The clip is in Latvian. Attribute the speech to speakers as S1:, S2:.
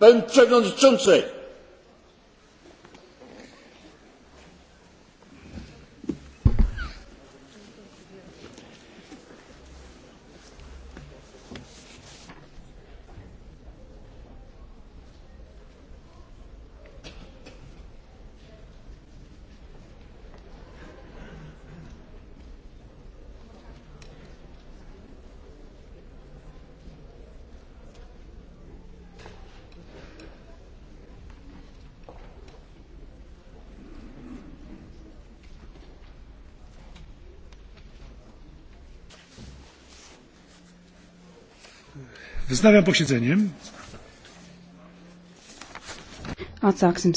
S1: Pan przewodniczący!
S2: Wznawiam posiedzenie.
S3: Atsāksim